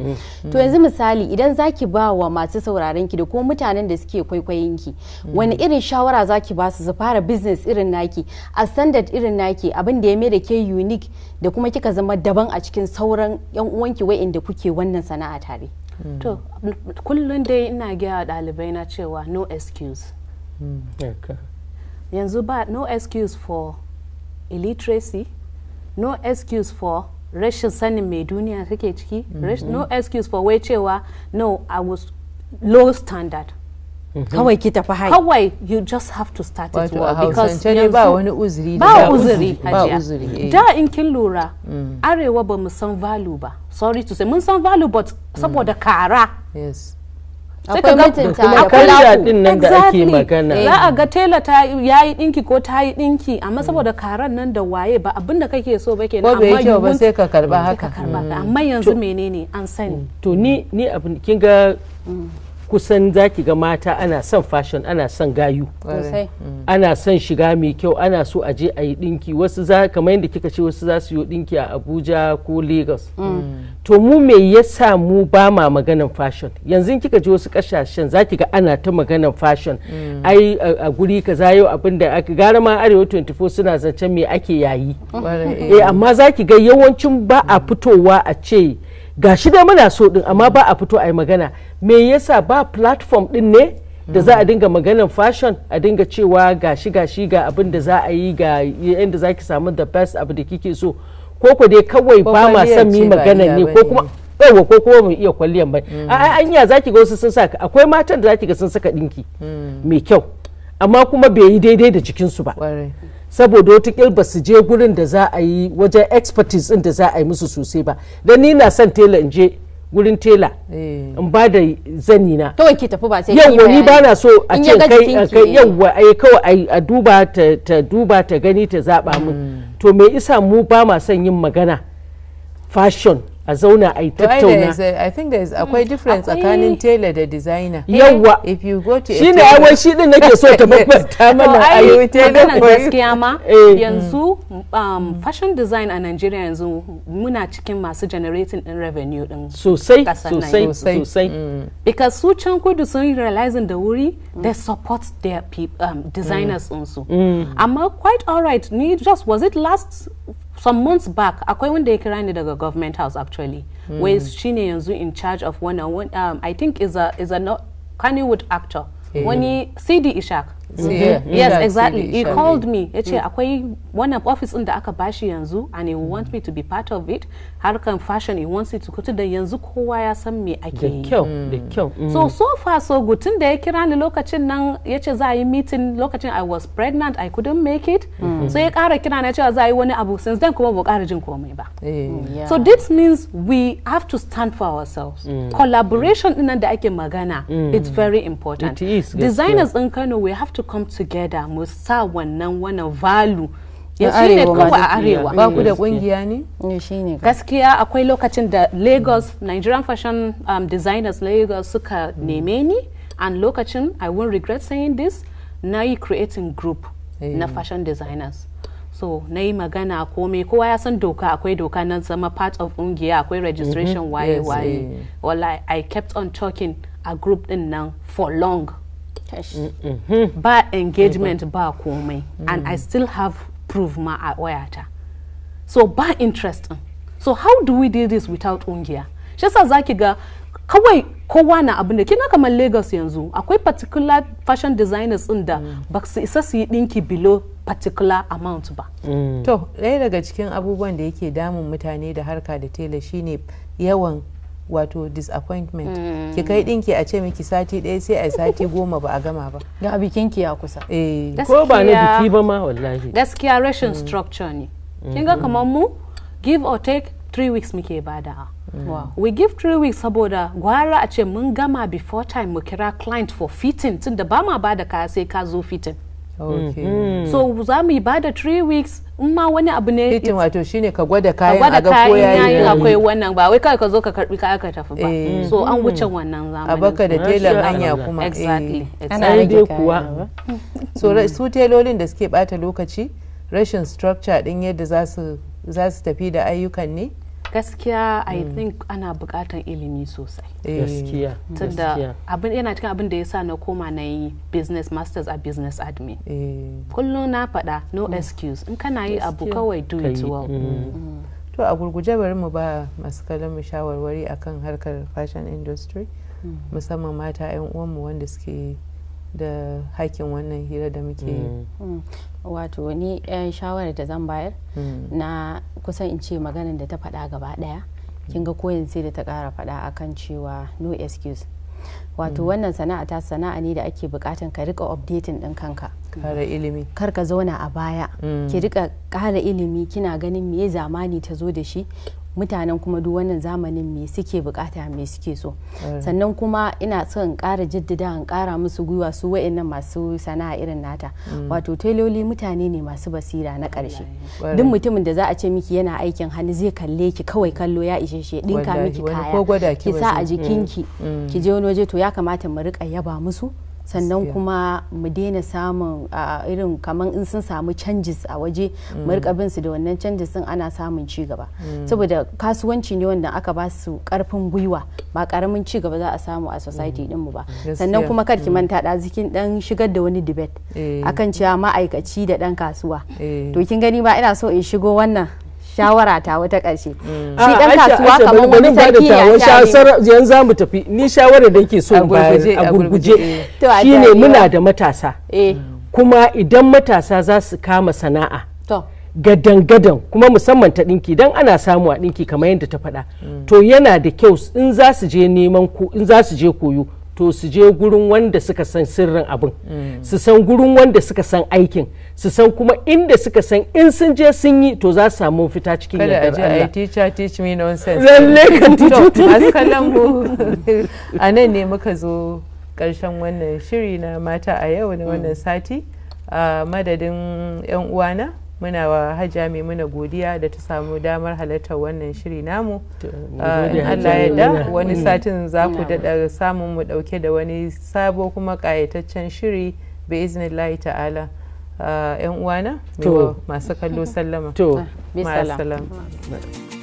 to yanzu misali idan zaki ba wa masu sauraron ki da ko mutanen da suke kwaikwayon ki Mm. wani irin shawara zaki ba su fara business irin naki a standard irin naki abin da ya mai da ke unique da kuma kika zama daban a cikin sauran yan uwanki inda kuke wannan sana'a tare mm. to kullum dai ina gaya ɗalibai na cewa no excuse mm. yanzu ba no excuse for illiteracy no excuse for rashin sanin mai duniya take ciki no excuse for wai cewa no i was low standard Mm-hmm. kawai ki tafi hai kawai you just have to start it well because ne ba wani uzuri ba uzuri hajiya eh. da in kin lura mm. arewa ba mu san value ba sorry to say mun san value but saboda mm. kara yes akwai mutunta da kula din nan da ake magana za a ga tela ta yayi dinki ko ta yi dinki amma mm. saboda karan nan da waye ba abinda kake so ba ke kenan amma yau ba sai ka karba haka amma yanzu menene an sani to ni ni abin kin ga kusan za ki ga mata ana son fashion ana son gayu mm. ana son shiga mai kyau ana so a je a yi dinki wasu za kamar yadda kika ce wasu za su yi dinki a abuja ko lagos mm. Mm. to mu me yasa mu ba ma maganan fashion yanzu kika je wasu kasashen za ki ga ana ta maganan fashion ai a guri ka za yau abin da aka gara ma arewa 24 suna zancen me ake yayi eh amma za ki ga yawancin ba a fitowa a ce ga shi dai muna so din amma ba a fito a yi magana me yasa ba platform din ne da za a mm. dinga maganan fashion a dinga cewa gashi gashi ga abin da za a yi ga yadda za ki samu the best abu da kike so ko ku dai kawai ba ma son mi magana ne ko kuma yawa ko kuma mu iya kwalliyan bai mm. a anya zaki ga wasu sun saka akwai matan da zaki ga sun saka dinki mm. mai kyau amma kuma bai yi daidai da jikinsu ba saboda wata ba su je gurin da za a yi wajen expertise din da za a yi musu sosai ba dan ni na son tela in je gurin tela eh. in ba da zani na kawai ki tafi ba sai yau ni ba na so a ce kai yauwa ai kawai a duba ta duba ta gani ta zaba mun hmm. to me isa mu ba ma son yin magana fashion a zauna a yi tattauna i think there is akwai mm. difference tsakanin tailor da designer yawa if you go to shine ai wai shi din nake so ta babbata mana ai tailor gaskiya ma eh. yanzu um, mm. fashion design a Nigeria yanzu muna cikin masu generating din revenue din sosai sosai sosai mm. because su can kudu sun realizing da wuri they support their um, designers din su amma quite alright ni just was it last some months back akwai wanda ya kira ni daga government house actually mm. shi ne yanzu in charge of uh, one um, i think is a is a actor eh. wani cd mhm. ishak yes exactly he called me hmm. ya ce akwai wannan office din da aka bashi yanzu and he want me to be part of it harkan fashion in one city kutu da yanzu kowa ya san me ake yi kyau mm. da kyau so mm. so far so good tun da ya kira ni lokacin nan ya ce za a yi meeting lokacin i was pregnant i couldn't make it mm. so ya kara kira na cewa za a yi wani abu since then kuma ba kara jin komai ba eh. so this means we have to stand for ourselves mm. collaboration din nan da ake magana mm. it's very important it is, designers in Kano we have to come together mu sa wannan wannan value ya kawai a arewa ba ku da kungiya ne mm, gaskiya akwai lokacin da lagos nigerian fashion um, designers lagos suka mm. neme ni and lokacin i won't regret saying this na yi creating group eh. na fashion designers so na yi magana komai kowa ya san doka akwai doka na zama part of kungiya akwai mm-hmm. registration waye waye yeah. I, kept on talking a group din nan for long ba engagement ba komai mm-hmm. and i still have prove ma a wayata so ba interest din so how do we do this without ungiya shi yasa zaki ga kawai kowa na abin da kina kamar lagos yanzu akwai particular fashion designers din da mm. ba su isa su yi dinki below particular amount ba mm. to ɗaya daga cikin abubuwan da yake damun mutane da harka da tela shine yawan wato disappointment mm. ki kai dinki a ce miki sati ɗaya sai a sati goma ba a gama ba ga bikin ki ya kusa eh ko ba na biki ba ma wallahi gaskiya rashin mm. structure ne mm. kin ga kamar mu give or take three weeks muke bada wow. we give three weeks saboda gwara a ce mun gama before time mu kira client for fitting tunda ba ma bada kaya sai ka zo fitting okay. so za mu yi bada three weeks in ma wani abu ne titin wato shine ka gwada kayan a ga ko yayin akwai wannan ba wai kawai ka zo ka karbi ka aka tafi ba eh. so an wuce wannan zamani abaka da telan hanya kuma eh. exactly ana rage kuwa so su telolin da suke bata lokaci rashin structure din yadda za su tafi da ayyukan ne gaskiya i hmm. think ana bukatan ilimi sosai eh, gaskiya tunda abin yana cikin abin da ya sa na koma na yi business masters a business admin eh. kullum na faɗa no hmm. excuse in kana yi abu kawai do it well hmm. to a gurguje bari mu ba masu kallon mu shawarwari akan harkar fashion industry musamman mata 'yan mu wanda suke da haƙƙin wannan hira da muke yi mm. Mm. wato ni eh, shawarar da zan bayar mm. na kusan in ce maganin da ta faɗa gaba ɗaya kin ga koyin sai da ta ƙara faɗa akan cewa no excuse wato wannan sana'a ta sana'a ne da ake bukatan ka rika updating din kanka kara ilimi kar ka zauna a baya ki rika kara ilimi kina ganin me zamani ta zo da shi mutanen kuma duk wannan zamanin me suke bukata me suke so eh. sannan kuma ina so in kara jaddada in kara musu gwiwa su wa'annan masu sana'a irin nata mm. wato teloli mutane ne masu basira na karshe duk mutumin da za a ce miki yana aikin hannu zai kalle ki kawai kallo ya ishe shi dinka miki kaya ki sa a jikinki mm. ki je wani waje to ya kamata mu rika yaba musu sannan kuma mu daina samun a irin kamar in sun samu canjis a waje mu mm. bin su da wannan canjis din ana samun ci gaba mm. saboda kasuwanci ne wanda aka ba su karfin gwiwa ba karamin ci gaba za a samu a society mm. din mu ba sannan kuma kar ki manta da zikin dan shigar da wani debate eh. akan cewa ma'aikaci da dan kasuwa eh. to kin gani ba ina so in shigo wannan shawara ta wata ƙarshe mm. shi ɗan kasuwa kamar wani sarki ya shawara yanzu za mu tafi ni shawara da son so a gurguje shine muna da matasa eh. kuma idan matasa za su kama sana'a gadan-gadan kuma musamman ta ɗinki don ana samu a ɗinki kamar yadda ta faɗa mm. to yana da kyau in za su je neman in za su je koyo to su je gurin wanda suka san sirrin abin su san gurin wanda suka san aikin su san kuma inda suka san in sun je sun yi to za su samu fita cikin yardar Allah kada a je teacher teach me nonsense lalle kan mu a nan ne muka zo karshen wannan shiri na mata a yau na wannan mm. sati a madadin yan uwana muna wa hajja mai muna godiya da ta samu damar halartar wannan shiri namu ah, in allah ya da wani mm. satin za ku daɗa samun mu ɗauke da wani sabo kuma kayataccen shiri bai layi ta'ala yan ah, uwana masu kallo sallama to ah,